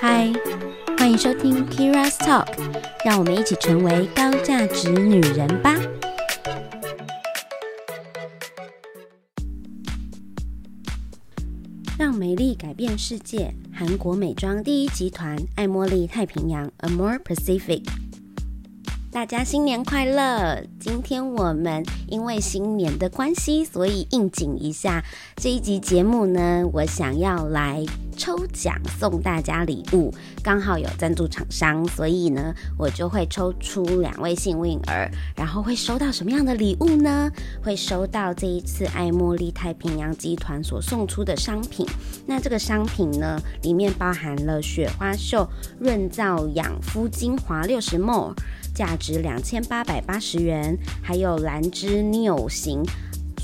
嗨，歡迎收聽 Keira's Talk，讓我們一起成為高價值女人吧！讓美麗改變世界，韓國美妝第一集團愛茉莉太平洋 Amore Pacific。大家新年快樂！今天我們因為新年的關係，所以應景一下這一集節目呢，我想要來抽獎送大家禮物，剛好有贊助廠商，所以呢，我就會抽出兩位幸運兒，然後會收到什麼樣的禮物呢？會收到這一次愛茉莉太平洋集團所送出的商品。那這個商品呢，裡面包含了雪花秀潤燥養膚精華六十 ml，價值兩千八百八十元，還有蘭芝 Neo 型。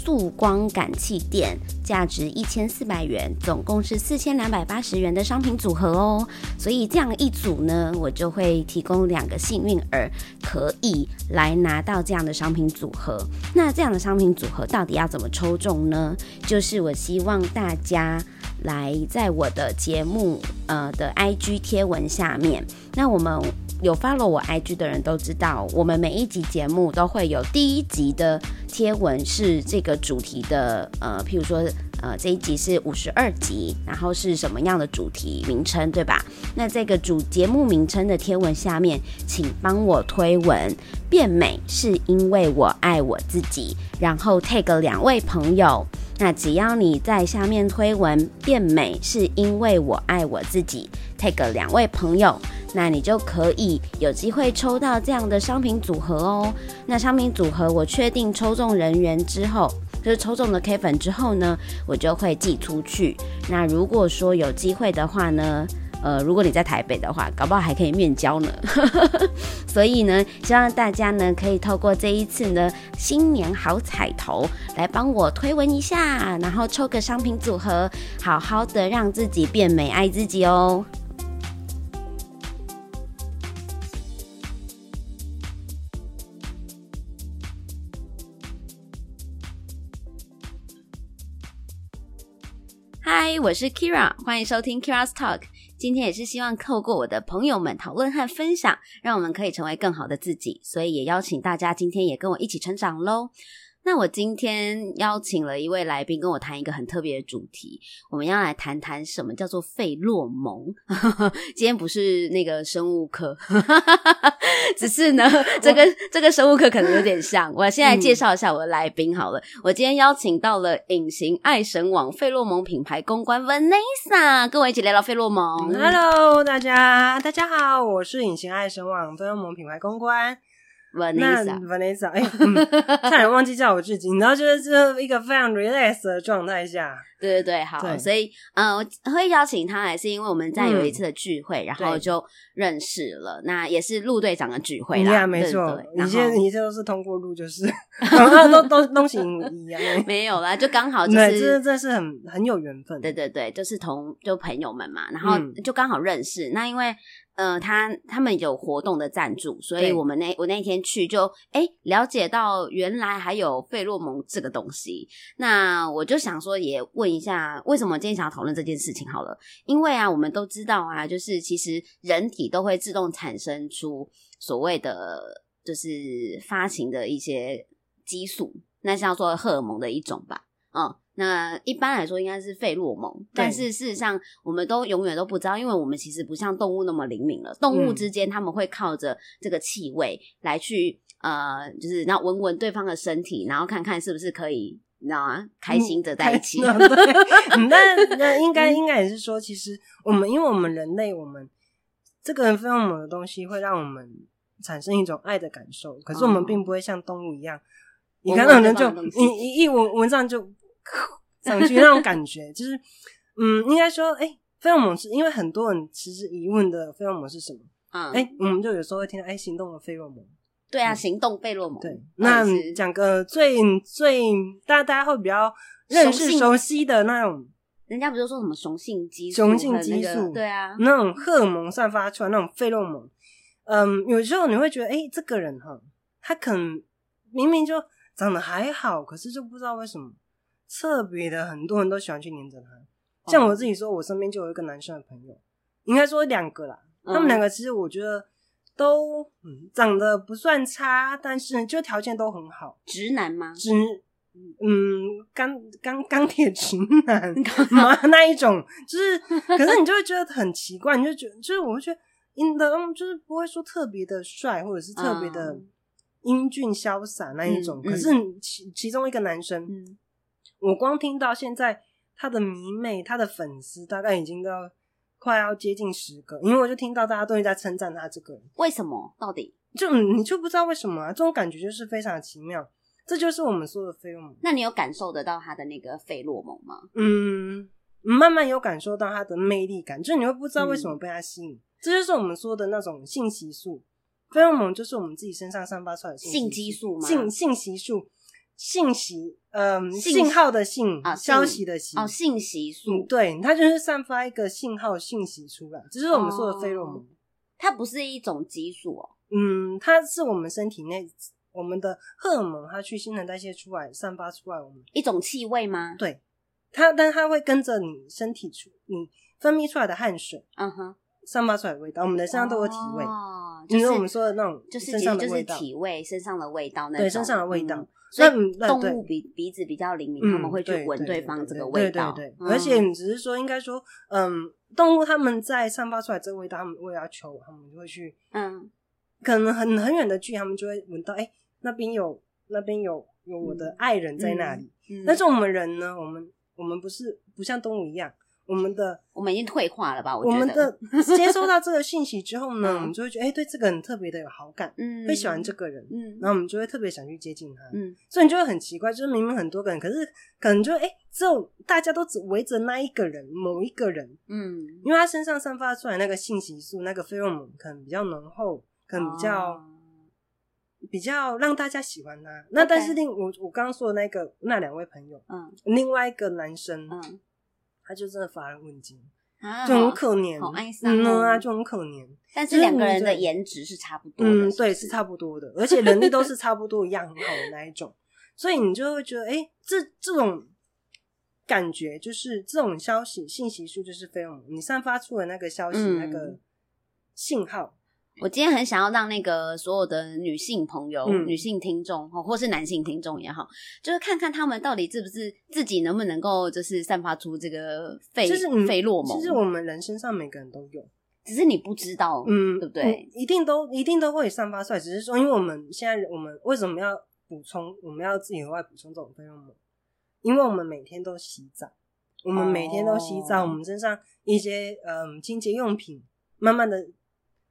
塑光感氣墊價值一千四百元，總共是四千兩百八十元的商品組合哦。所以這樣一組呢，我就會提供兩個幸運兒可以來拿到這樣的商品組合。那這樣的商品組合到底要怎麼抽中呢？就是我希望大家來在我的節目呃的 IG 貼文下面，那我們。有 follow 我 IG 的人都知道，我們每一集節目都會有第一集的貼文，是這個主題的。呃，譬如說，呃，這一集是五十二集，然後是什麼樣的主題名稱，對吧？那這個主節目名稱的貼文下面，請幫我推文“變美是因為我愛我自己”，然後 Tag 兩位朋友。那只要你在下面推文“變美是因為我愛我自己 ”，Tag 兩位朋友。那你就可以有機會抽到這樣的商品組合哦。那商品組合我確定抽中人員之後，就是抽中的 K 粉之後呢，我就會寄出去。那如果說有機會的話呢，呃，如果你在台北的話，搞不好還可以面交呢。 所以呢，希望大家呢可以透過這一次呢新年好彩頭來幫我推文一下，然後抽個商品組合，好好的讓自己變美，愛自己哦。嗨，我是 Keira，歡迎收聽 Keira's Talk。今天也是希望透過我的朋友們討論和分享，讓我們可以成為更好的自己。所以也邀請大家今天也跟我一起成長嘍。那我今天邀請了一位來賓跟我談一個很特別的主題，我們要來談談什麼叫做費洛蒙呵呵。今天不是那個生物課，只是呢，這個、個、這個生物課可能有點像。我先來介紹一下我的來賓好了、嗯，我今天邀請到了隱形愛神網費洛蒙品牌公關 Vanessa，跟我一起來聊聊費洛蒙。Hello，大家大家好，我是隱形愛神網費洛蒙品牌公關。Vanessa、欸、Vanessa、嗯、差點忘記叫我自己。 然後就是這、就是、一個非常 relax 的狀態下，對對對，好。所以，嗯、呃，我會邀請他來，是因為我們在有一次的聚會、嗯，然後就認識了。那也是陸隊長的聚會啦，對、啊，沒錯。你現你這、你這都是通過陸，就是 然後都都都行一樣。 沒有啦，就剛好、就是，對，這是這是很很有緣分。對對對，就是同就朋友們嘛，然後就剛好認識。嗯、那因為。呃，他他們有活動的贊助，所以我們那我那天去就哎、欸、了解到原來還有費洛蒙這個東西，那我就想說也問一下，為什麼今天想要討論這件事情好了？因為啊，我們都知道啊，就是其實人體都會自動產生出所謂的就是發情的一些激素，那是要做荷爾蒙的一種吧，嗯。那一般來說應該是費洛蒙，但是事實上我們都永遠都不知道，因為我們其實不像動物那麼靈敏了。動物之間他們會靠着這個氣味來去、嗯、呃，就是然後聞聞對方的身體，然後看看是不是可以，你知道嗎？開心的在一起。嗯、 那那應該、 嗯、應該也是說，其實我們因為我們人類，我們這個費洛蒙的東西會讓我們產生一種愛的感受，可是我們並不會像動物一樣、哦，你看到人就聞聞你一聞聞上就。想去那種感覺， 就是，嗯，應該說，哎、欸，費洛蒙是，因為很多人其實疑問的費洛蒙是什麼，啊、嗯，哎、欸，我們就有時候會聽到，哎、欸，行動的費洛蒙，對啊，嗯、行動費洛蒙，對，那講個最最，大家大家會比較認識熟悉的那種，人家不是說什麼雄性激素、那個，雄性激素，對啊，那種荷爾蒙散發出來那種費洛蒙，嗯，有時候你會覺得，哎、欸，這個人哈，他可能明明就長得還好，可是就不知道為什麼。特別的，很多人都喜歡去黏着他。像我自己說，哦、我身邊就有一個男生的朋友，應該說兩個啦。嗯、他們兩個其實我覺得都長得不算差，嗯、但是就條件都很好。直男嗎？直，嗯，鋼鋼鋼鐵直男什麼嗎？那一種就是，可是你就會覺得很奇怪， 你就覺得就是我會覺得，因為他們就是不會說特別的帥，或者是特別的英俊瀟灑那一種。嗯、可是其其中一個男生。嗯我光聽到現在他的迷妹，他的粉絲大概已經都要快要接近十個，因為我就聽到大家都在稱讚他這個，為什麼？到底就你就不知道為什麼，啊？這種感覺就是非常的奇妙，這就是我們說的費洛蒙。那你有感受得到他的那個費洛蒙嗎？嗯，慢慢有感受到他的魅力感，就是你會不知道為什麼被他吸引，嗯，這就是我們說的那種信息素。費洛蒙就是我們自己身上散發出來的信息素，信息素。性信息，嗯、呃，信號的信，啊、消息的息哦，信息素，嗯，對，它就是散發一個信號信息出來，只是我們說的費洛蒙，它不是一種激素哦，嗯，它是我們身體內我們的荷爾蒙，它去新陳代謝出來，散發出來，我們一種氣味嗎？對，它，但它會跟着你身體出，你分泌出來的汗水，嗯哼。散發出來的味道，我們的身上都有體味，哦、oh。就是我們說的那種，就是身上的，就是體味，身上的味道那種，對身上的味道。嗯、所以、嗯、那對對動物鼻鼻子比較靈敏，他們會去聞對方這個味道。對，對，對，對，對、嗯，而且你只是說，應該說，嗯，動物他們在散發出來這個味道，他們為了要求，他們就會去，嗯，可能很很遠的距離，他們就會聞到，哎、欸，那邊有，那邊有，有我的愛人在那裡。嗯嗯嗯、但是我們人呢，我們我們不是不像動物一樣。我們的我們已經退化了吧，我覺得？我們的接收到這個信息之後呢， 嗯、我們就會覺得哎、欸，對這個人特別的有好感，嗯，會喜歡這個人，嗯，然後我們就會特別想去接近他，嗯，所以你就會很奇怪，就是明明很多個人，可是可能就哎、欸，只有大家都只圍着那一個人，某一個人，嗯，因為他身上散發出來那個信息素，那個費洛蒙、嗯、可能比較濃厚，可能比較比較讓大家喜歡他。嗯、那但是另我我剛剛說的那個那兩位朋友，嗯，另外一個男生，嗯。他就真的乏人問津啊，就很可憐、哦，好愛上、嗯、啊，就很可憐。但是兩個人的顏值是差不多的，就是嗯是不是，嗯，對，是差不多的，而且能力都是差不多一樣 很好的那一種，所以你就會覺得，哎、欸，這這種感覺就是這種消息信息素就是費洛蒙，你散發出的那個消息、嗯、那個信號。我今天很想要讓那個所有的女性朋友、嗯、女性聽眾，或是男性聽眾也好，就是看看他們到底是不是自己能不能夠，就是散發出這個費就是費洛蒙。其實我們人身上每個人都有，只是你不知道，嗯，對不對？嗯嗯、一定都一定都會散發出來，只是說，因為我們現在我們為什麼要補充，我們要自己額外補充這種費洛蒙。因為我們每天都洗澡，我們每天都洗澡，哦、我們身上一些嗯清潔用品慢慢的。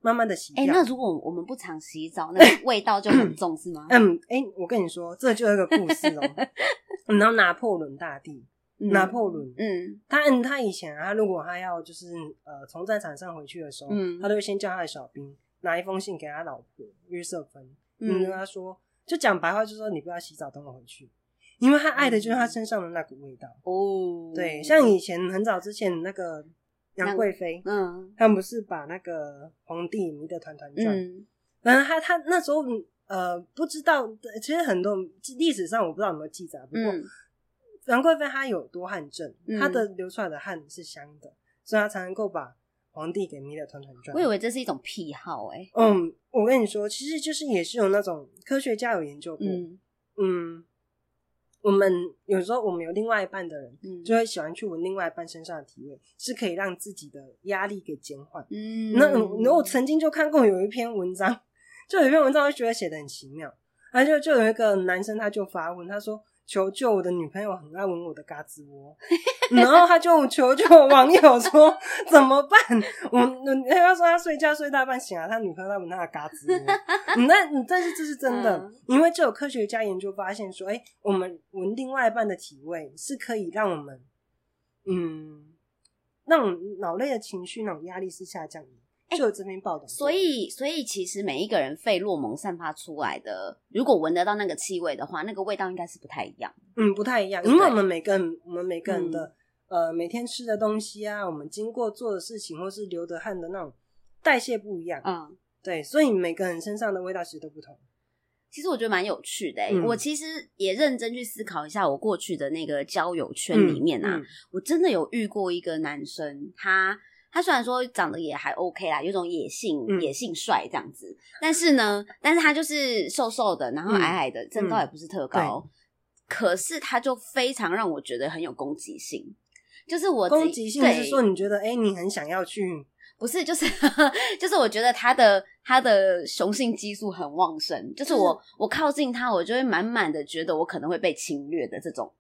慢慢的洗。哎、欸，那如果我們不常洗澡，那個味道就很重，嗯、是嗎？嗯，哎、欸，我跟你說，這就是一個故事哦。你知道拿破崙大帝，嗯、拿破崙，嗯，他嗯他以前、啊，他如果他要就是呃從戰場上回去的時候，嗯，他都會先叫他的小兵拿一封信給他老婆約瑟芬，嗯，跟、嗯、他說，就講白話，就說你不要洗澡，等我回去，因為他愛的就是他身上的那股味道。哦、嗯，對哦，像以前很早之前那個。楊貴妃，嗯，他們不是把那個皇帝迷得團團轉。嗯，反正他他那時候，呃，不知道，其實很多歷史上我不知道有沒有記載。不過，嗯、楊貴妃她有多汗症，她的流出來的汗是香的，嗯、所以她才能夠把皇帝給迷得團團轉。我以為這是一種癖好。哎、欸。嗯，我跟你說，其實就是也是有那種科學家有研究過。嗯。嗯我們有時候，我們有另外一半的人，就會喜歡去聞另外一半身上的體味，嗯，是可以讓自己的壓力給減緩。嗯，那那我曾經就看過有一篇文章，就有一篇文章，我就覺得寫的很奇妙。啊，就就有一個男生，他就發問，他說。求救！我的女朋友很愛聞我的嘎子窩， 然後他就求救我網友說 怎麼辦？我，他說他睡覺睡大半醒啊，他女朋友在聞他的嘎子窩。那，但是這是真的，嗯，因為就有科學家研究發現說，哎，我們聞另外一半的體味是可以讓我們，嗯，那種腦內的情緒、那種壓力是下降的。就有致命暴，所以所以其實每一個人費洛蒙散發出來的，如果聞得到那個氣味的話，那個味道應該是不太一樣，嗯，不太一樣，因為我們每個人我們每個人的、嗯、呃每天吃的東西啊，我們經過做的事情或是流的汗的那種代謝不一樣，嗯，對，所以每個人身上的味道其實都不同。其實我覺得蠻有趣的、欸、嗯，我其實也認真去思考一下我過去的那個交友圈裡面啊，嗯嗯、我真的有遇過一個男生，他。他雖然說長得也還 OK 啦，有種野性、嗯、野性帥這樣子，但是呢，但是他就是瘦瘦的，然後矮矮的，身高也不是特高、嗯，可是他就非常讓我覺得很有攻擊性，就是我攻擊性就是說你覺得哎、欸，你很想要去，不是就是 就是我覺得他的他的雄性激素很旺盛，就是我、就是、我靠近他，我就會滿滿的覺得我可能會被侵略的這種，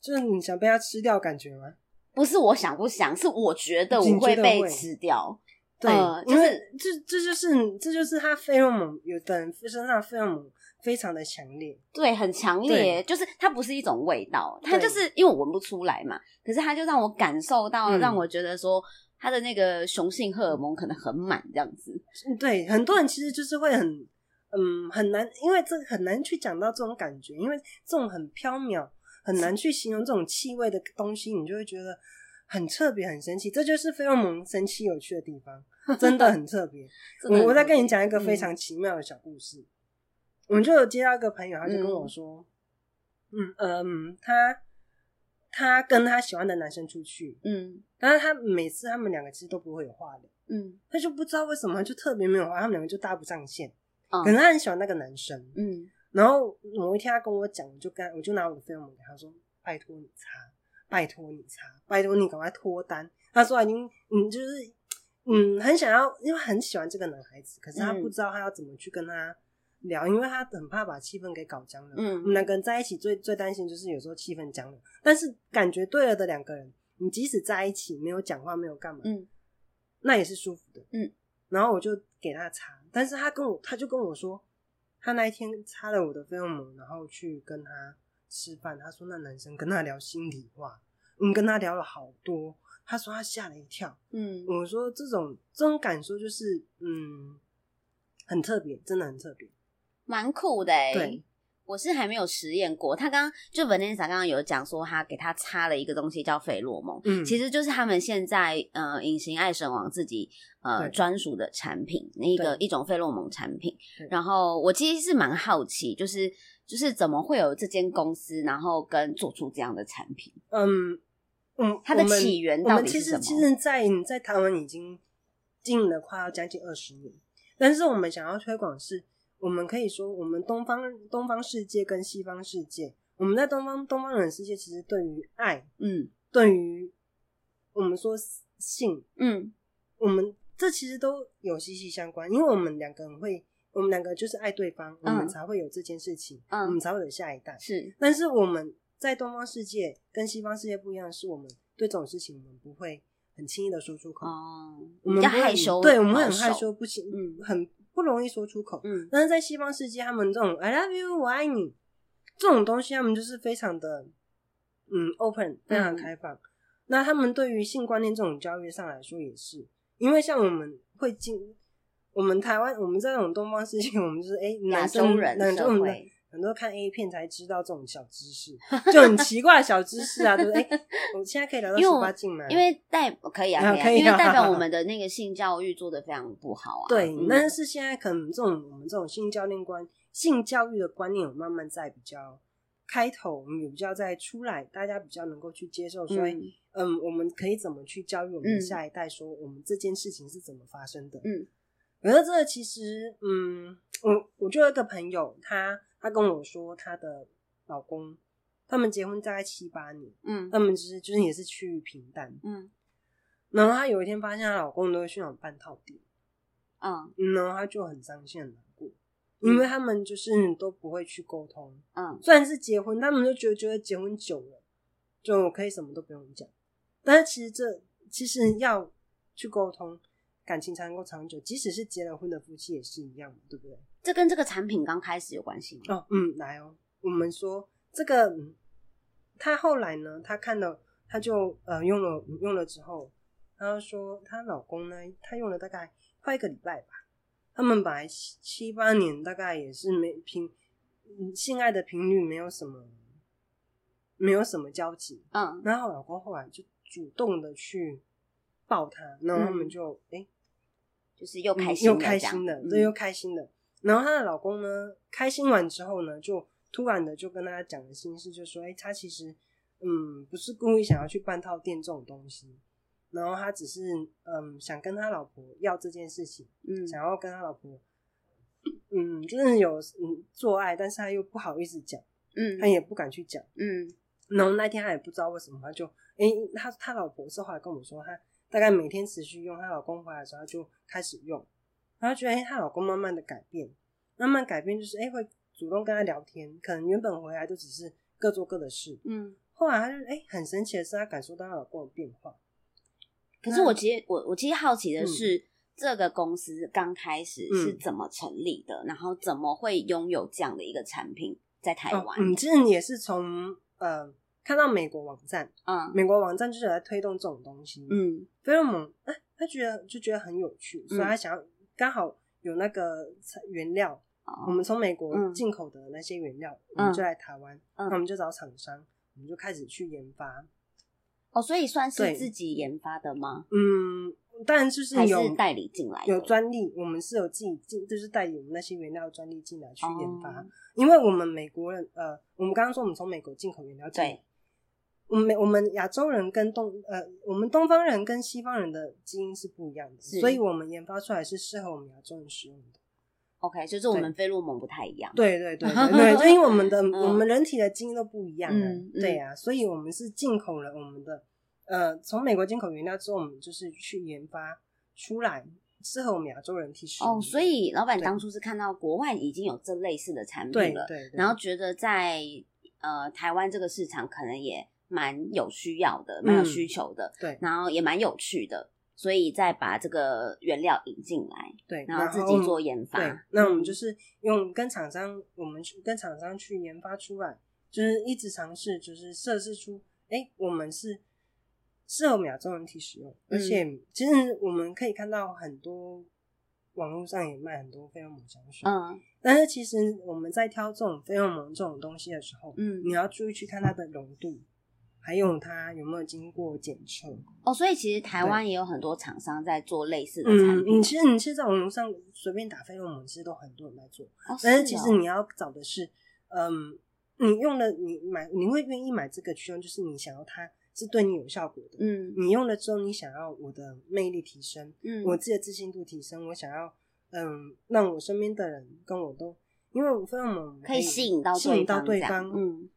就是你想被他吃掉感覺嗎？不是我想不想，是我覺得我會被吃掉對，呃，就是嗯，就是對。對，就是這，這就是這就是他費洛蒙，有的人身上費洛蒙非常的強烈。對，很強烈，就是它不是一種味道，它就是因為我聞不出來嘛。可是它就讓我感受到，讓我覺得說它的那個雄性荷爾蒙可能很滿這樣子。對，很多人其實就是會很嗯，很難，因為這很難去講到這種感覺，因為這種很飄渺。很難去形容這種氣味的東西，你就會覺得很特別、很神奇。這就是費洛蒙神奇、有趣的地方，真的很特別 我再跟你講一個非常奇妙的小故事、嗯。我就有接到一個朋友，他就跟我說：“嗯嗯，呃、他他跟他喜歡的男生出去，嗯，但是他每次他們兩個其實都不會有話的，嗯，他就不知道為什麼他就特別沒有話，他們兩個就搭不上線。嗯、可能他很喜歡那個男生，嗯。”然後某一天，他跟我講，我就跟我就拿我的費洛蒙給他說：“拜託你擦，拜託你擦，拜託你趕快脫單。”他說：“已經，你就是，嗯，很想要，因為很喜歡這個男孩子，可是他不知道他要怎麼去跟他聊，嗯、因為他很怕把氣氛給搞僵了。嗯，兩個人在一起最最擔心就是有時候氣氛僵了。但是感覺對了的兩個人，你即使在一起沒有講話，沒有幹嘛，嗯，那也是舒服的。嗯，然後我就給他擦，但是他跟我，他就跟我說。”他那一天擦了我的費洛蒙，然後去跟他吃飯。他說那男生跟他聊心裡話，嗯，跟他聊了好多。他說他嚇了一跳。嗯，我說這種這種感受就是，嗯，很特別，真的很特別，蠻酷的，欸。對。我是還沒有實驗過，他剛剛就 Vanessa 剛剛有講說，他給他插了一個東西叫費洛蒙，嗯，其實就是他們現在呃隱形愛神網自己呃專屬的產品，那一個一種費洛蒙產品。然後我其實是蠻好奇，就是就是怎麼會有這間公司，然後跟做出這樣的產品？嗯嗯，它的起源到底是什麼？其實在在，在在台灣已經經營了快要將近二十年，但是我們想要推廣是。我們可以說，我們東方東方世界跟西方世界，我們在東方東方人世界，其實對於愛，嗯，對於我們說性，嗯，我們這其實都有息息相關，因為我們兩個人會，我們兩個就是愛對方，嗯，我們才會有這件事情，嗯，我們才會有下一代，是。但是我們在東方世界跟西方世界不一樣，是我們對這種事情，我們不會很輕易的說出口，哦，嗯，我們要害羞，對，我們會很害羞，哦，不行，嗯，很。不容易說出口，嗯，但是在西方世界，他們這種 “I love you，我愛你”這種東西，他們就是非常的，嗯，open，非常開放。嗯、那他們對於性觀念這種教育上來說，也是因為像我們會經我們台灣，我們這種東方世界，我們就是哎，亞洲人社會很多看 A 片才知道這種小知識，就很奇怪的小知識啊！哎、 就是欸，我們現在可以聊到十八禁嗎？因為，我因為代可以啊，可以，啊啊可以啊，因為代表我們的那個性教育做得非常不好啊。 對、嗯，但是現在可能這種我們這種性教練觀、性教育的觀念有慢慢在比較開頭，我們有比較在出來，大家比較能夠去接受。所以嗯，嗯，我們可以怎麼去教育我們下一代說，說、嗯、我們這件事情是怎麼發生的？嗯，我覺得這個其實，嗯，我我就有一個朋友，他。她跟我說，她的老公他們結婚大概七八年，嗯，他們其、就是就是也是趨於平淡，嗯。然後她有一天發現，她老公都會去找半套店，嗯，然後她就很傷心很難過、嗯，因為他們就是都不會去溝通，嗯。雖然是結婚，他們就覺得覺得結婚久了，就我可以什麼都不用講，但是其實這其實要去溝通，感情才能夠長久，即使是結了婚的夫妻也是一樣，對不對？這跟這個產品剛開始有關係嗎？哦，嗯，來哦，我們說這個，他後來呢，他看到，他就呃用了用了之後，他說他老公呢，他用了大概快一個禮拜吧。他們本來七,七八年大概也是沒頻性愛的頻率，沒有什麼沒有什麼交集，嗯，然後老公後來就主動的去抱他，然後他們就哎、嗯，就是又開心又開心的、嗯，對，又開心的。然後她的老公呢，開心完之後呢，就突然的就跟她講了心事，就說：“哎，他其實，嗯，不是故意想要去半套店這種東西，然後他只是，嗯，想跟他老婆要這件事情，嗯，想要跟他老婆，嗯，就是有，嗯，做愛，但是他又不好意思講，嗯，他也不敢去講，嗯。然後那天他也不知道為什麼，他就，哎，他他老婆是後來跟我說，他大概每天持續用，他老公回來之後就開始用。”然後覺得、欸，哎，她老公慢慢的改變，慢慢改變就是，哎、欸，會主動跟她聊天。可能原本回來就只是各做各的事，嗯。後來他就，哎、欸，很神奇的是，他感受到他老公的變化。可是我其實，嗯、我我其實好奇的是，嗯、這個公司剛開始是怎麼成立的？嗯、然後怎麼會擁有這樣的一個產品在台灣？嗯、哦，你其實也是從，呃，看到美國網站，啊、嗯，美國網站就是來推動這種東西，嗯。Very 猛，哎、欸，他覺得就覺得很有趣，所以他想要。嗯剛好有那個原料，哦、我們從美國進口的那些原料，嗯、我們就來台灣，那、嗯、我們就找廠商、嗯，我們就開始去研發。哦，所以算是自己研發的嗎？嗯，當然就是有還是代理進來，有專利，我們是有自己就是代理有那些原料的專利進來去研發、哦，因為我們美國人，呃，我們剛剛說我們從美國進口原料進來，對。我們我們亞洲人跟東，呃，我們東方人跟西方人的基因是不一樣的，所以，我們研發出來是適合我們亞洲人使用的。OK，就是我們費洛蒙不太一樣。對對對，對，就因為我們的、嗯、我們人體的基因都不一樣。的、嗯嗯。對呀、啊，所以我們是進口了我們的，呃，從美國進口原料之後，我們就是去研發出來適合我們亞洲人去使用。哦，所以老闆當初是看到國外已經有這類似的產品了，對對對對對，然後覺得在呃台灣這個市場可能也。蠻有需要的，蠻有需求的、嗯，對，然後也蠻有趣的，所以再把這個原料引進來，對，然後自己做研發，對，那我們就是用跟廠商、嗯，我們去跟廠商去研發出來，就是一直嘗試，就是設置出，哎，我們是適合亞洲人體使用，而且其實我們可以看到很多網絡上也賣很多費洛蒙香水，嗯，但是其實我們在挑這種費洛蒙這種東西的時候，嗯，你要注意去看它的濃度。還有它有沒有經過檢測？哦，所以其實台灣也有很多廠商在做類似的產品。嗯、其實你現在網絡上隨便打“費洛蒙，其實都很多人在做、哦。但是其實你要找的是，是哦、嗯，你用了你買，你會願意買這個驅動，就是你想要它是對你有效果的。嗯，你用了之後，你想要我的魅力提升，嗯，我自己的自信度提升，我想要嗯，讓我身邊的人跟我都，因為費洛蒙可以吸引到吸引到對方，對方嗯。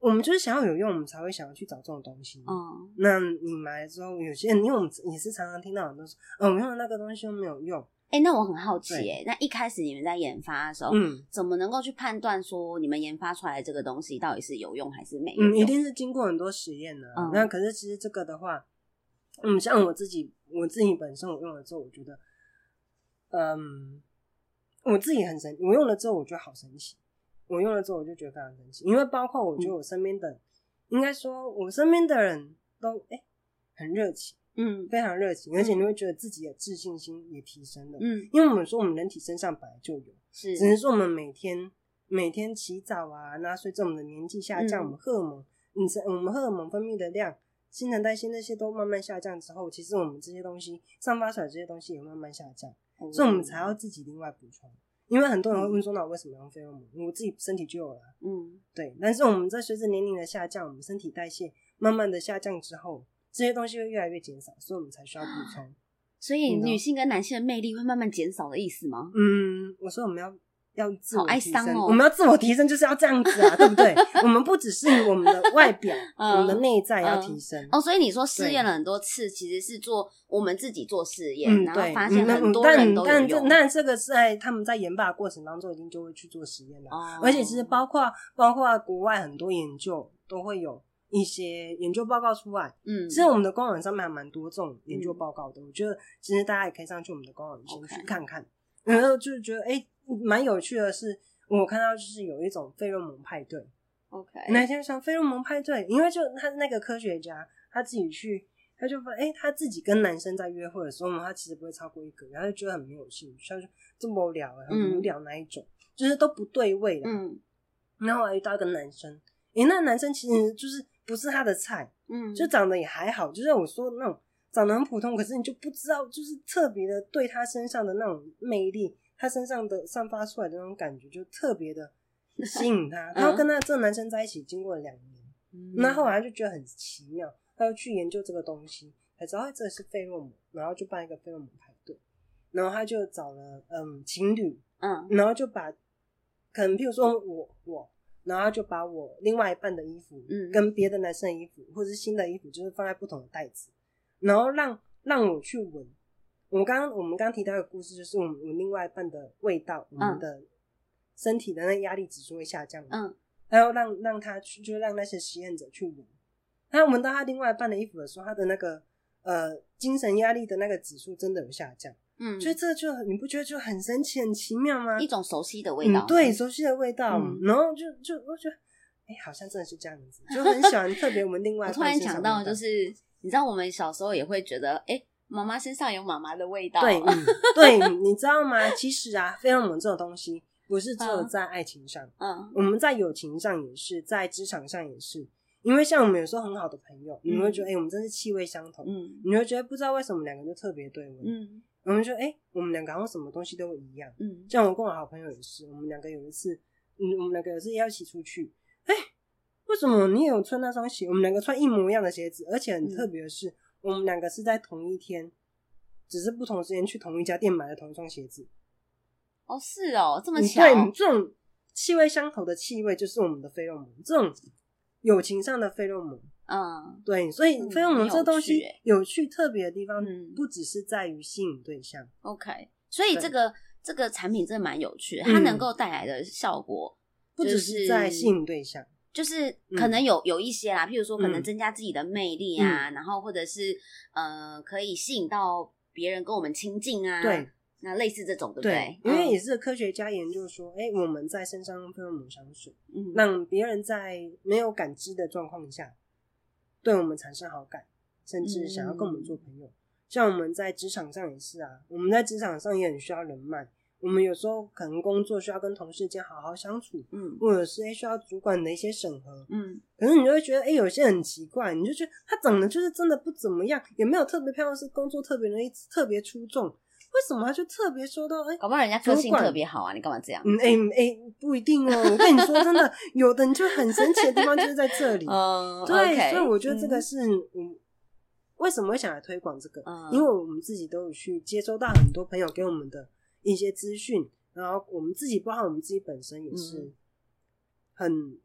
我們就是想要有用，我們才會想要去找這種東西。嗯，那你買了之後，有些人因為我們也是常常聽到很多，說，哦，我用的那個東西都沒有用。哎、欸，那我很好奇、欸，哎，那一開始你們在研發的時候，嗯、怎麼能夠去判斷說你們研發出來這個東西到底是有用還是沒有用？嗯，一定是經過很多實驗的、嗯。那可是其實這個的話，嗯，像我自己，我自己本身我用了之後，我覺得，嗯，我自己很神，我用了之後我覺得好神奇。我用了之後，我就覺得非常神奇，因為包括我覺得我身邊的、嗯，應該說我身邊的人都誒、欸、很熱情，嗯，非常熱情，而且你會覺得自己的自信心也提升了，嗯，因為我們說我們人體身上本來就有，是，只能說我們每天每天起早啊，那隨着我們的年紀下降、嗯，我們荷爾蒙，我們荷爾蒙分泌的量、新陳代謝那些都慢慢下降之後，其實我們這些東西散發出來這些東西也慢慢下降、嗯，所以我們才要自己另外補充。因為很多人會問說，那、嗯、我為什麼要用費洛蒙？我自己身體就有了、啊，嗯，對。但是我們在隨着年齡的下降，我們身體代謝慢慢的下降之後，這些東西會越來越減少，所以我們才需要補充、啊。所以女性跟男性的魅力會慢慢減少的意思嗎？嗯，我說我們要。要自我提升，好，我們要自我提升就是要這樣子啊， 對不對？我們不只是我們的外表， 我們的內在要提升、 嗯嗯、哦。所以你說試驗了很多次，其實是做我們自己做試驗、嗯，然後發現很多很多、嗯嗯，但但這但這個是在他們在研發的過程當中已經就會去做實驗了、哦，而且其實包括、嗯、包括國外很多研究都會有一些研究報告出來。嗯，其實我們的官網上面還蠻多這種研究報告的、嗯。我覺得其實大家也可以上去我們的官網、嗯、去看看，okay. 然後就是覺得哎。嗯欸蠻有趣的是，是我看到就是有一種費洛蒙派對，OK，男生像費洛蒙派對，因為就他那個科學家他自己去，他就說，哎、欸，他自己跟男生在約會的時候，他其實不會超過一個，然後就覺得很沒有興趣，他就這麼聊，然後無聊那一種、嗯，就是都不對味的，嗯，然後我還遇到一個男生，哎、欸，那男生其實就是不是他的菜，嗯，就長得也還好，就是我說的那種長得很普通，可是你就不知道，就是特別的對他身上的那種魅力。他身上的散發出來的那種感覺就特別的吸引他，然後跟他這個男生在一起，經過了兩年，那、 嗯、後，後來他就覺得很奇妙，他就去研究這個東西，才知道他這個是費洛蒙，然後就辦一個費洛蒙派對，然後他就找了嗯情侶，嗯，然後就把，可能比如說我我，然後他就把我另外一半的衣服，嗯，跟別的男生的衣服、嗯、或者是新的衣服，就是放在不同的袋子，然後讓讓我去聞。我們剛剛我們剛剛提到的故事，就是我們我們另外一半的味道，嗯、我們的身體的那壓力指數會下降。嗯，然後讓讓他去，就讓那些實驗者去聞。那我們聞到他另外一半的衣服的時候，他的那個呃精神壓力的那個指數真的有下降。嗯，所以這就你不覺得就很神奇、很奇妙嗎？一種熟悉的味道，嗯、對，熟悉的味道。嗯、然後就就我覺得，哎、欸，好像真的是這樣子，就很喜歡。特別我們另外 突然想到的、就是，就是你知道，我們小時候也會覺得，哎、欸。媽媽身上有媽媽的味道。對， 嗯。對，你知道嗎？其實啊，費洛蒙這種東西，不是只有在愛情上，嗯、uh, uh,，我們在友情上也是，在職場上也是。因為像我們有時候很好的朋友，你們會覺得哎、嗯欸，我們真是氣味相同，嗯，你會覺得不知道為什麼兩個就特別對味，嗯，我們就哎、欸，我們兩個好像什麼東西都一樣，嗯，像我跟我好朋友也是，我們兩個有一次，嗯，我們兩個是要一起出去，哎、欸，為什麼你也有穿那雙鞋？我們兩個穿一模一樣的鞋子，而且很特別的是，嗯我們兩個是在同一天，只是不同時間去同一家店買了同一雙鞋子。哦，是哦，這麼巧。對，這種氣味相投的氣味就是我們的費洛蒙，這種友情上的費洛蒙。嗯，對，所以費洛蒙這東西有趣特別的地方，不只是在於吸引對象。OK，、嗯、所以這個這個產品真的蠻有趣的、嗯，它能夠帶來的效果、就是、不只是在吸引對象。就是可能有、嗯、有一些啦，譬如說可能增加自己的魅力啊，嗯嗯、然後或者是呃可以吸引到別人跟我們親近啊。對，那類似這種對不對？對，因為也是科學家研究說，誒、欸，我們在身上噴抹香水，嗯、讓別人在沒有感知的狀況下，對我們產生好感，甚至想要跟我們做朋友。嗯、像我們在職場上也是啊，我們在職場上也很需要人脈。我們有時候可能工作需要跟同事間好好相處，嗯，或者是需要主管的一些審核，嗯，可是你就會覺得，哎、欸，有些很奇怪，你就覺得他長得就是真的不怎麼樣，也沒有特別漂亮，是工作特別容易，特別出眾，為什麼他、啊、就特別說到？哎、欸，搞不好人家主管特別好啊，你幹嘛這樣？嗯、欸，哎、欸、不一定哦、喔。我跟你說真的， 有的你就很神奇的地方就是在這裡。 對，uh, okay, 所以我覺得這個是嗯，為什麼會想來推廣這個？Uh, 因為我們自己都有去接收到很多朋友給我們的。一些資訊，然後，我們自己包含我們自己本身也是很，很、嗯、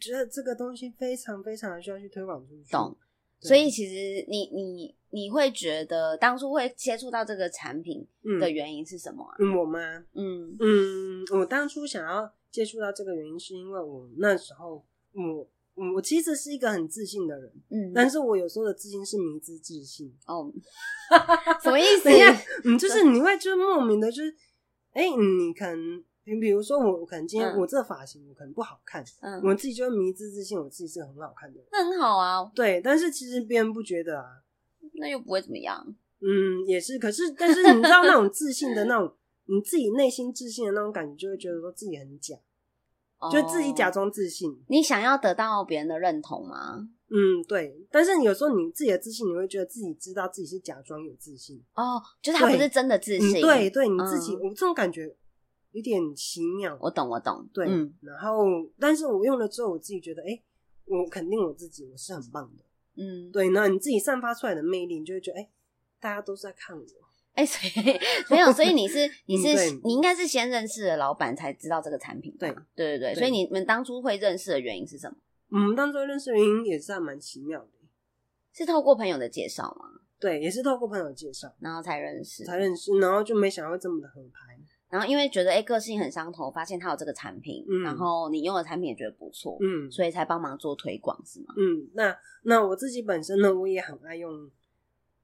覺得這個東西非常非常需要去推廣出去。懂，所以其實你你你會覺得當初會接觸到這個產品的原因是什麼、啊嗯嗯？我嗎？嗯嗯，我當初想要接觸到這個原因，是因為我那時候我。嗯，我其實是一個很自信的人，嗯，但是我有時候的自信是迷之自信，哦，什麼意思？嗯 就是你會就莫名的，就是，哎、嗯欸，你可能，你比如說我，我可能今天我這髮型我可能不好看，嗯，我自己就會迷之自信我自己是個很好看的人，那很好啊，對，但是其實別人不覺得啊，那又不會怎麼樣，嗯，也是，可是但是你知道那種自信的那種 你自己內心自信的那種感覺，就會覺得說自己很假。Oh, 就自己假裝自信，你想要得到別人的認同嗎？嗯，對。但是有時候你自己的自信，你會覺得自己知道自己是假裝有自信哦，oh, 就是他不是真的自信。對，對，對、嗯、你自己、嗯，我這種感覺有點奇妙。我懂，我懂。對，嗯、然後但是我用了之後，我自己覺得，哎、欸，我肯定我自己我是很棒的。嗯，對。那你自己散發出來的魅力，你就會覺得，哎、欸，大家都是在看我。哎、欸，所以沒有，所以你是你是、嗯、你應該是先認識的老闆才知道這個產品。對，對對對對。所以你們當初會認識的原因是什麼？我、嗯、們當初認識的原因也是蠻奇妙的，是透過朋友的介紹嗎？對，也是透過朋友介紹，然後才認識，才認識，然後就沒想到會這麼的合拍。然後因為覺得哎、欸、個性很上頭，發現他有這個產品、嗯，然後你用的產品也覺得不錯，嗯，所以才幫忙做推廣是嗎？嗯，那那我自己本身呢，我也很愛用。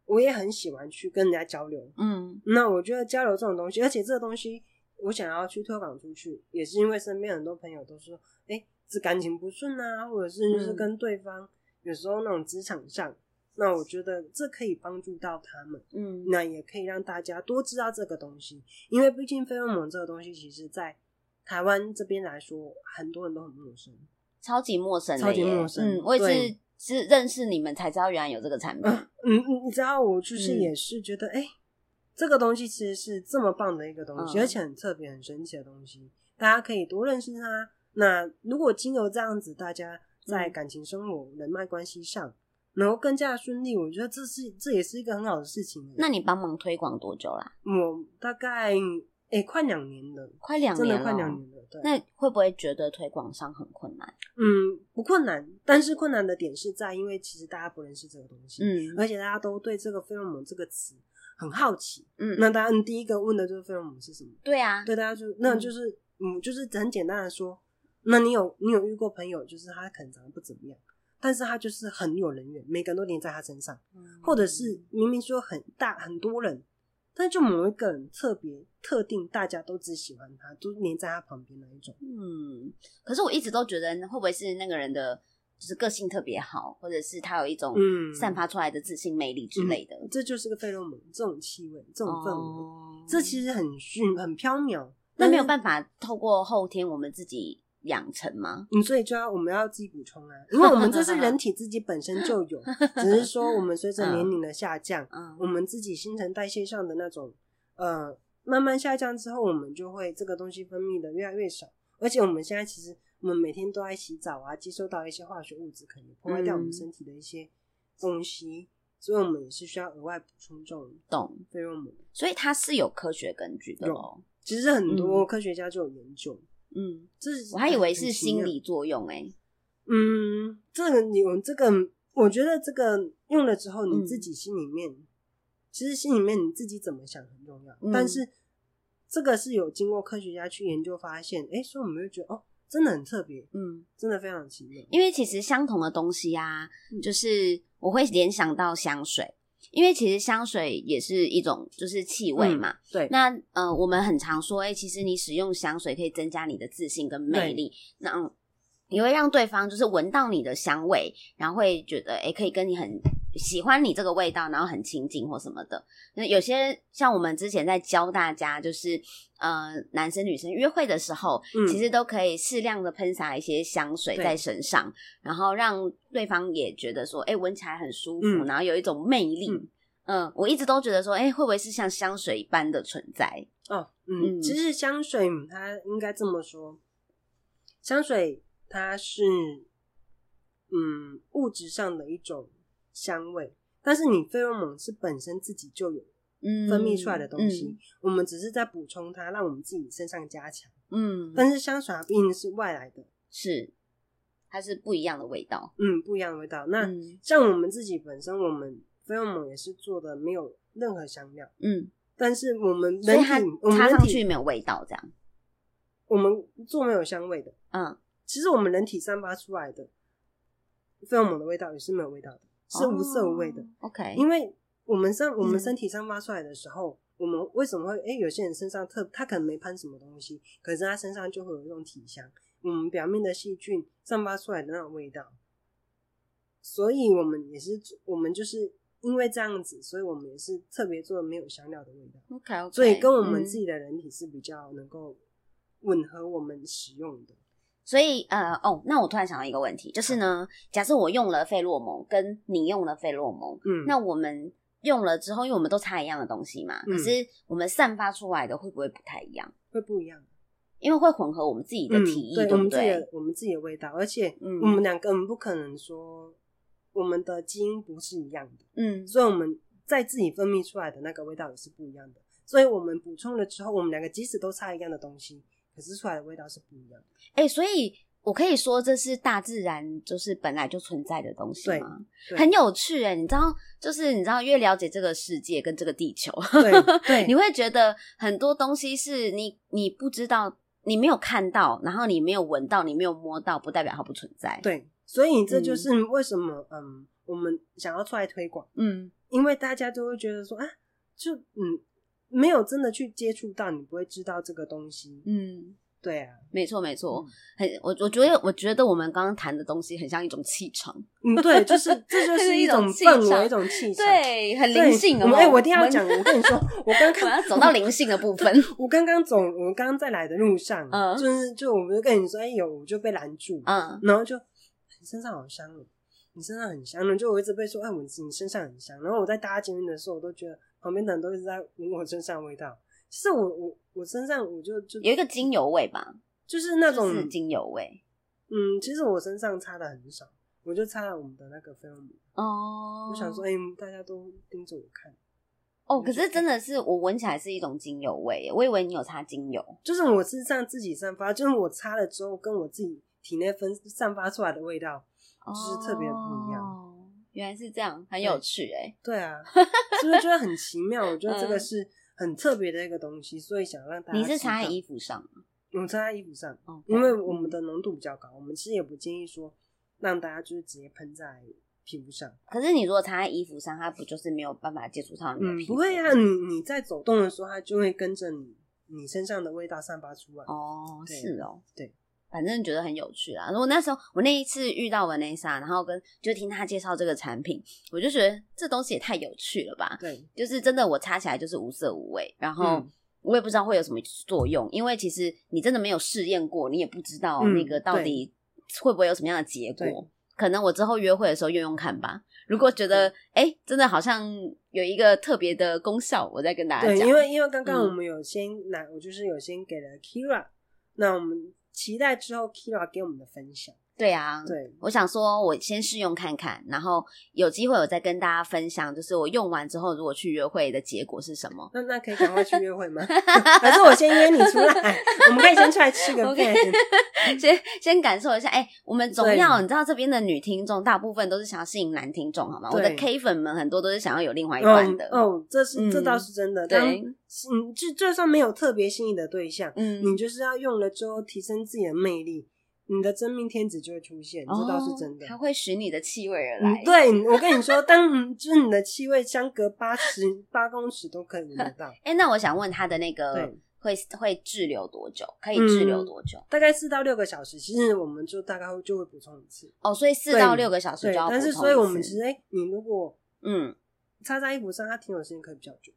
我也很喜歡去跟人家交流，嗯，那我覺得交流這種東西，而且這個東西我想要去推廣出去，也是因為身邊很多朋友都說，哎、欸，這感情不順啊，或者是就是跟對方有時候那種職場上、嗯，那我覺得這可以幫助到他們，嗯，那也可以讓大家多知道這個東西，因為畢竟費洛蒙這個東西，其實在台灣這邊來說，很多人都很陌生，超級陌生的，超級陌生，嗯，我也是。是認識你們才知道，原來有這個產品。嗯嗯，你知道我就是也是覺得，誒、嗯欸、這個東西其實是這麼棒的一個東西，嗯、而且很特別、很神奇的東西，大家可以多認識它。那如果經由這樣子，大家在感情、生活、嗯、人脈關係上，能夠更加順利，我覺得這是這也是一個很好的事情的。那你幫忙推廣多久啦？我大概。誒、欸，快兩年了，快兩年了，真的快兩年了。哦。對，那會不會覺得推廣上很困難？嗯，不困難，但是困難的點是在，因為其實大家不認識這個東西，嗯，而且大家都對這個「費洛蒙」這個詞很好奇，嗯，那大家你第一個問的就是「費洛蒙」是什麼？對、嗯、啊，對大家就那就是嗯，嗯，就是很簡單的說，那你有你有遇過朋友，就是他可能長得不怎麼樣，但是他就是很有人緣，每個人都黏在他身上，嗯，或者是明明說很大很多人。那就某一個人特別特定，大家都只喜歡他，都黏在他旁邊那一種。嗯，可是我一直都覺得，會不會是那個人的就是個性特別好，或者是他有一種嗯散發出來的自信魅力之類的、嗯嗯。這就是個費洛蒙，這種氣味，這種氛圍、哦，這其實很遜很飄渺但，那沒有辦法透過後天我們自己。養成嗎？嗯，所以就要我們要自己補充啊，因為我們這是人體自己本身就有， 只是說我們隨着年齡的下降 嗯，嗯，我們自己新陳代謝上的那種，呃，慢慢下降之後，我們就會這個東西分泌的越來越少，而且我們現在其實我們每天都在洗澡啊，接收到一些化學物質，可能破壞掉我們身體的一些東西，嗯、所以我們也是需要額外補充這種費洛蒙。懂，所以它是有科學根據的哦。有，其實很多科學家就有研究。嗯嗯，這是我還以為是心理作用哎、欸。嗯，這個你這個，我覺得這個用了之後，你自己心裡面、嗯，其實心裡面你自己怎麼想很重要、嗯。但是這個是有經過科學家去研究發現，哎、欸，所以我們就覺得哦、喔，真的很特別，嗯，真的非常奇妙。因為其實相同的東西呀、啊嗯，就是我會聯想到香水。因為其實香水也是一種就是氣味嘛，嗯、對。那呃，我們很常說，哎、欸，其實你使用香水可以增加你的自信跟魅力，那你會讓對方就是聞到你的香味，然後會覺得，哎、欸，可以跟你很。喜歡你這個味道，然後很親近或什麼的。那有些像我們之前在教大家，就是呃，男生女生約會的時候，嗯、其實都可以適量的噴灑一些香水在身上，然後讓對方也覺得說，哎、欸，聞起來很舒服、嗯，然後有一種魅力。嗯，嗯呃、我一直都覺得說，哎、欸，會不會是像香水一般的存在？哦，嗯，嗯其實香水它應該這麼說，香水它是嗯物質上的一種。香味，但是你費洛蒙是本身自己就有分泌出來的東西。嗯嗯、我們只是在補充它，讓我們自己身上加強。嗯，但是香水畢竟是外來的是，它是不一樣的味道，嗯，不一樣的味道。那、嗯、像我們自己本身，我們費洛蒙也是做的沒有任何香料，嗯，但是我們人體擦上去我們人體沒有味道，這樣，我們做沒有香味的，嗯，其實我們人體散發出來的費洛蒙的味道也是沒有味道的。是無色無味的。oh，OK。因為我們身我們身體散發出來的時候，嗯、我們為什麼會哎、欸？有些人身上特他可能沒噴什麼東西，可是他身上就會有這種體香，我們表面的細菌散發出來的那種味道。所以我們也是我們就是因為這樣子，所以我們也是特別做沒有香料的味道，OK, okay。所以跟我們自己的人體、嗯、是比較能夠吻合我們使用的。所以呃、哦，那我突然想到一個問題，就是呢，假設我用了費洛蒙，跟你用了費洛蒙，嗯，那我們用了之後，因為我們都擦一樣的東西嘛、嗯，可是我們散發出來的會不會不太一樣？會不一樣的，因為會混合我們自己的體液，嗯、對，我們自己的，我們自己的味道，而且我們兩個我們不可能說我們的基因不是一樣的，嗯，所以我們在自己分泌出來的那個味道也是不一樣的。所以我們補充了之後，我們兩個即使都擦一樣的東西，可是出來的味道是不一樣的，哎、欸，所以我可以說這是大自然就是本來就存在的東西嗎？對，對，很有趣，欸，哎，你知道，就是你知道越了解這個世界跟這個地球，對，對 你會覺得很多東西是你你不知道，你沒有看到，然後你沒有聞到，你沒有摸到，不代表它不存在，對，所以這就是為什麼嗯，嗯，我們想要出來推廣，嗯，因為大家都會覺得說啊，就嗯。沒有真的去接觸到，你不會知道這個東西。嗯，對啊，沒錯，沒錯。很、嗯，我我覺得，我覺得我們剛剛談的東西很像一種氣場。嗯，對，就是這就是一種氛圍， 一種氣場，氣場 對，很靈性。哎、嗯欸，我一定要講、嗯，我跟你說，我剛剛 我要走到靈性的部分我。我剛剛走，我剛剛在來的路上，uh, 就是就我就跟你說，哎、欸、呦，我就被攔住，嗯、uh,，然後就你身上好香、哦，你身上很香、哦，就我一直被說，哎，我你身上很香。然後我在大家見面的時候，我都覺得。旁邊的人都一直在聞我身上的味道，是我我我身上我就就有一個精油味吧，就是那種、就是、精油味。嗯，其實我身上擦的很少，我就擦了我們的那個菲歐米。哦，我想說，哎、欸，大家都盯着我看。哦、oh,，可是真的是我聞起來是一種精油味耶，我以為你有擦精油，就是我身上自己散發，就是我擦了之後跟我自己體內分散發出來的味道，就是特別不一樣。Oh. 原來是這樣，很有趣哎、欸嗯。對啊，所以覺得很奇妙。我覺得這個是很特別的一個東西，所以想讓大家。你是在、嗯、擦在衣服上嗎？我擦在衣服上，因為我們的濃度比較高、嗯，我們其實也不建議說讓大家就是直接噴在皮膚上。可是，你如果擦在衣服上，它不就是沒有辦法接觸到你的皮膚、嗯？不會啊，你你在走動的時候，它就會跟着你你身上的味道散發出來。哦，是哦，對。反正覺得很有趣啦。如果那時候我那一次遇到 Vanessa，然後跟就聽她介紹這個產品，我就覺得這東西也太有趣了吧。對，就是真的，我擦起來就是無色無味，然後我也不知道會有什麼作用，嗯、因為其實你真的沒有試驗過，你也不知道、啊嗯、那個到底會不會有什麼樣的結果。可能我之後約會的時候用用看吧。如果覺得哎、欸，真的好像有一個特別的功效，我再跟大家講。因為因為剛剛我們有先拿、嗯，我就是有先給了 Kira，那我們。期待之後 Keira 給我們的分享。對啊，對，我想說，我先試用看看，然後有機會我再跟大家分享，就是我用完之後，如果去約會的結果是什麼？那那可以趕快去約會嗎？ 還是我先約你出來？ 我們可以先出來吃個飯，okay. 先先感受一下。哎、欸，我們總要你知道這邊的女聽眾大部分都是想要吸引男聽眾，好嗎？我的 K 粉們很多都是想要有另外一半的。哦、嗯嗯，這是這倒是真的。嗯、對，嗯，就就算沒有特別心儀的對象，嗯，你就是要用了之後提升自己的魅力。你的真命天子就會出現，oh, 這倒是真的。它會循你的氣味而來，嗯。對，我跟你說，當 就是你的氣味相隔八十八公尺都可以聞得到。哎、 欸，那我想問他的那個會對會滯留多久？可以滯留多久？嗯、大概四到六個小時。其實我們就大概就會補充一次。哦、oh,，所以四到六個小時就要補充一次，對對。但是所以我們其實，哎、欸，你如果嗯，擦在衣服上，它停留時間可以比較久。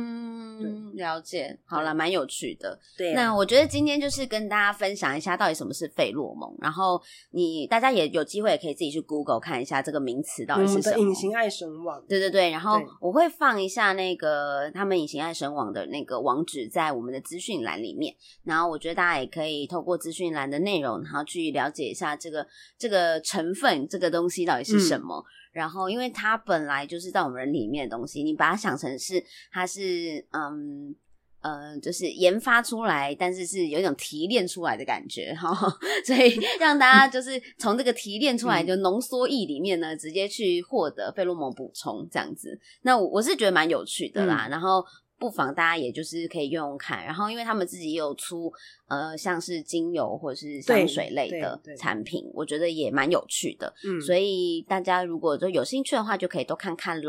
嗯，了解。好啦，蠻、嗯、有趣的。對、啊，那我覺得今天就是跟大家分享一下，到底什麼是費洛蒙。然後你大家也有機會也可以自己去 Google 看一下這個名詞到底是什麼。我、嗯、們的隱形愛神網。對對對，然後我會放一下那個他們隱形愛神網的那個網址在我們的資訊欄裡面。然後我覺得大家也可以透過資訊欄的內容，然後去了解一下這個這個成分這個東西到底是什麼。嗯然後，因為它本來就是在我們人裡面的東西，你把它想成是它是嗯嗯、呃，就是研發出來，但是是有一種提煉出來的感覺哈、哦，所以讓大家就是從這個提煉出來就濃縮液裡面呢，直接去獲得費洛蒙補充這樣子，那我是覺得蠻有趣的啦。嗯、然後。不妨大家也就是可以用用看，然後因為他們自己也有出呃像是精油或者是香水類的產品，我覺得也蠻有趣的。嗯，所以大家如果說有興趣的話，就可以多看看嘍。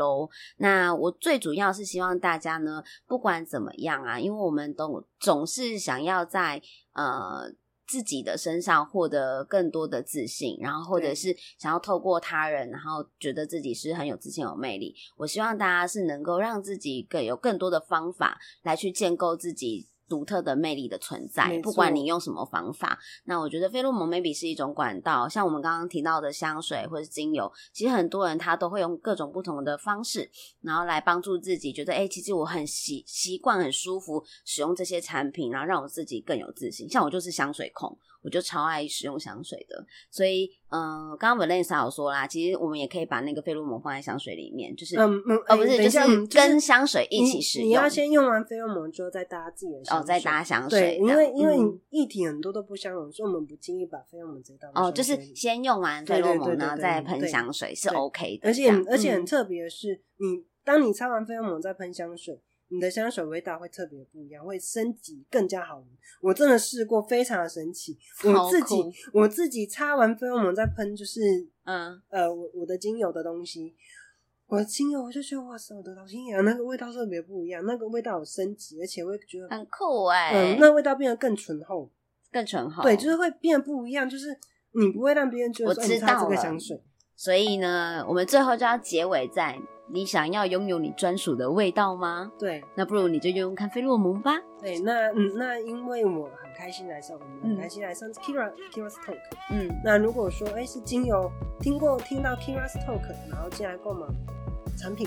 那我最主要是希望大家呢，不管怎麼樣啊，因為我們都總是想要在呃。自己的身上獲得更多的自信，然後或者是想要透過他人，然後覺得自己是很有自信、有魅力。我希望大家是能夠讓自己更有更多的方法來去建構自己。獨特的魅力的存在，不管你用什麼方法，那我覺得費洛蒙 maybe 是一種管道，像我們剛剛提到的香水或是精油，其實很多人他都會用各種不同的方式，然後來幫助自己，覺得哎、欸，其實我很習習慣，很舒服使用這些產品，然後讓我自己更有自信。像我就是香水控。我就超愛使用香水的，所以，嗯，剛剛 Vanessa 有說啦，其實我們也可以把那個費洛蒙放在香水裡面，就是，嗯嗯，哦，不是，就是跟香水一起使用。就是、你，你要先用完費洛蒙之後再搭自己的香水哦，再搭香水，因為、嗯、因為你液體很多都不相容，所以我們不建議把費洛蒙直接哦，就是先用完費洛蒙，然後再噴香水是 OK 的。而且而且很特別的是，嗯、你當你擦完費洛蒙再噴香水。你的香水味道會特別不一樣，會升級更加好聞。我真的試過，非常的神奇。我自己我自己擦完，費洛蒙，嗯、我們再噴，就是嗯、呃，我我的精油的東西，我的精油，我就覺得哇塞，我的天呀，啊嗯，那個味道特別不一樣，那個味道有升級，而且會覺得很，很酷、哎、欸，嗯，那個、味道變得更醇厚，更醇厚，對，就是會變得不一樣，就是你不會讓別人覺得說，你擦這個香水。所以呢，我們最後就要結尾在你想要擁有你專屬的味道嗎？對，那不如你就用費洛蒙吧。對，那、嗯嗯、那因為我很開心來上，我們很開心來上 Keira Keira's Talk。嗯，那如果說哎、欸、是經由，聽過聽到 Keira's Talk，然後進來購買產品，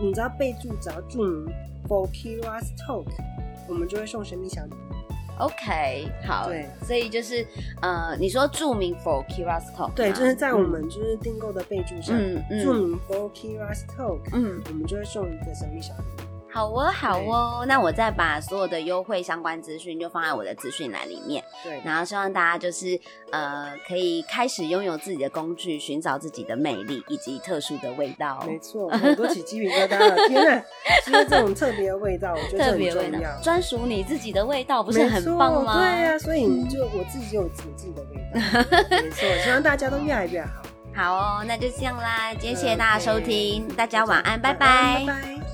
你只要備註只要註明 For Keira's Talk，、嗯、我們就會送神秘小禮物。OK，好。對，所以就是，呃，你說注明 for Keira's Talk，對、啊，就是在我們就是訂購的備注上，注、嗯、明 for Keira's Talk，嗯，我們就會送一個神秘小禮物。好哦，好哦，那我再把所有的優惠相關資訊就放在我的資訊欄裡面。對，然後希望大家就是呃，可以開始擁有自己的工具，尋找自己的美麗以及特殊的味道。沒錯，很多起雞皮疙瘩了， 天哪、啊！因為這種特別的味道，我覺得特別重要，專屬你自己的味道，不是很棒嗎？對啊，所以你就、嗯、我自己就有自己的味道。 沒錯，希望大家都越來越好。好哦，那就這樣啦，今天謝謝大家收聽，okay, 大家晚安，拜拜。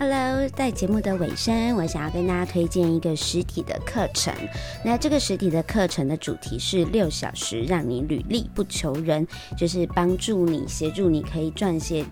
Hello，在節目的尾聲，我想要跟大家推薦一個實體的課程。那這個實體的課程的主題是六小時讓你履歷不求人，就是幫助你、協助你可以撰寫。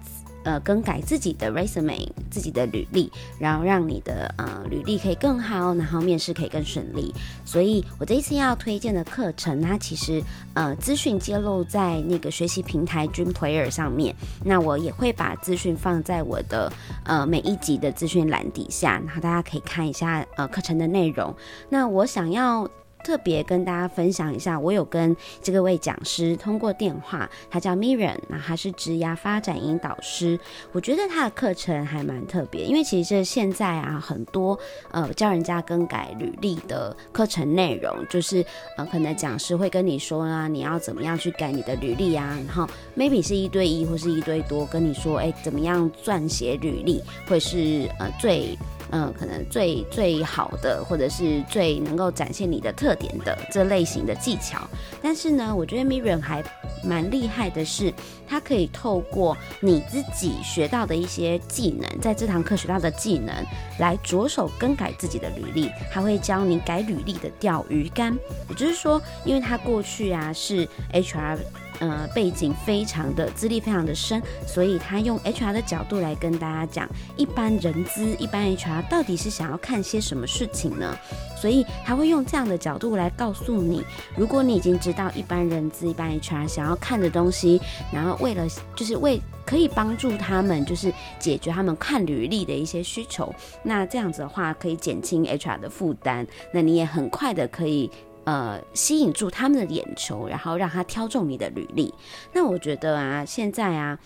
呃，更改自己的 resume，自己的履歷，然後讓你的呃履歷可以更好，然後面試可以更順利。所以我這一次要推薦的課程，它其實呃資訊揭露在那個學習平台 DreamPlayer 上面。那我也會把資訊放在我的呃每一集的資訊欄底下，然後大家可以看一下呃課程的內容。那我想要。特別跟大家分享一下，我有跟這個位講師通過電話，他叫 Miriam，那、啊、他是職涯發展引導師。我覺得他的課程還蠻特別，因為其實現在啊，很多呃教人家更改履歷的課程內容，就是呃可能講師會跟你說啊，你要怎麼樣去改你的履歷啊，然後 Maybe 是一對一或是一對多跟你說，哎、欸，怎麼樣撰寫履歷，會是呃最。嗯，可能最最好的，或者是最能夠展現你的特點的這類型的技巧。但是呢，我覺得 Miriam 還蠻厲害的是，他可以透過你自己學到的一些技能，在這堂課學到的技能，來着手更改自己的履歷。他會教你改履歷的釣魚竿，也就是說，因為他過去啊是 HR。呃，背景非常的，資歷非常的深，所以他用 HR 的角度來跟大家講，一般人資、一般 HR 到底是想要看些什麼事情呢？所以他會用這樣的角度來告訴你，如果你已經知道一般人資、一般 HR 想要看的東西，然後為了就是為可以幫助他們，就是解決他們看履歷的一些需求，那這樣子的話可以減輕 HR 的負擔，那你也很快的可以。呃，吸引住他們的眼球，然後讓他挑中你的履歷。那我覺得啊，現在啊。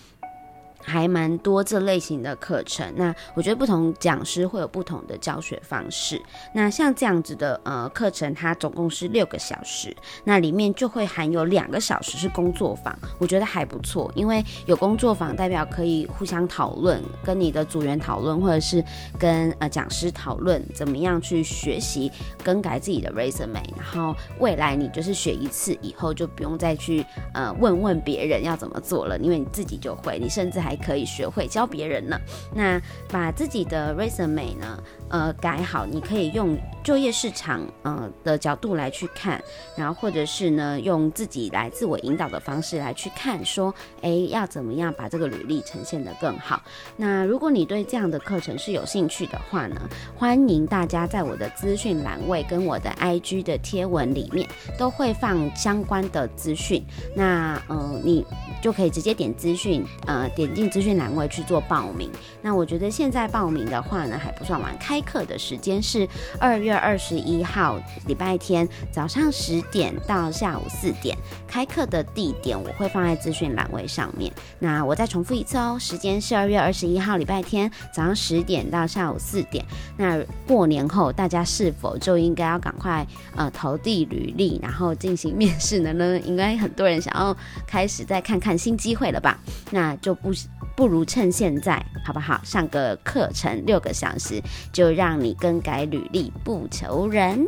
還蠻多這類型的課程，那我覺得不同講師會有不同的教學方式。那像這樣子的呃課程，它總共是六個小時，那裡面就會含有兩個小時是工作坊，我覺得還不錯，因為有工作坊代表可以互相討論，跟你的組員討論，或者是跟呃講師討論怎麼樣去學習更改自己的 resume。然後未來你就是學一次以後就不用再去呃問問別人要怎麼做了，因為你自己就會，你甚至還。還可以學會教別人呢。那把自己的 resume 呢，呃，改好。你可以用就業市場，呃的角度來去看，然後或者是呢，用自己來自我引導的方式來去看，說，哎，要怎麼樣把這個履歷呈現的更好？那如果你對這樣的課程是有興趣的話呢，歡迎大家在我的資訊欄位跟我的 IG 的貼文裡面都會放相關的資訊。那，嗯、呃，你就可以直接點資訊，呃，點擊。進資訊欄位去做報名，那我覺得現在報名的話呢還不算晚。開課的時間是二月二十一號禮拜天早上十點到下午四點。開課的地點我會放在資訊欄位上面。那我再重複一次哦，時間是二月二十一號禮拜天早上十點到下午四點。那過年後大家是否就應該要趕快呃投遞履歷，然後進行面試呢呢？應該很多人想要開始再看看新機會了吧？那就不。不如趁現在，好不好？上個課程六個小時，就讓你更改履歷，不求人。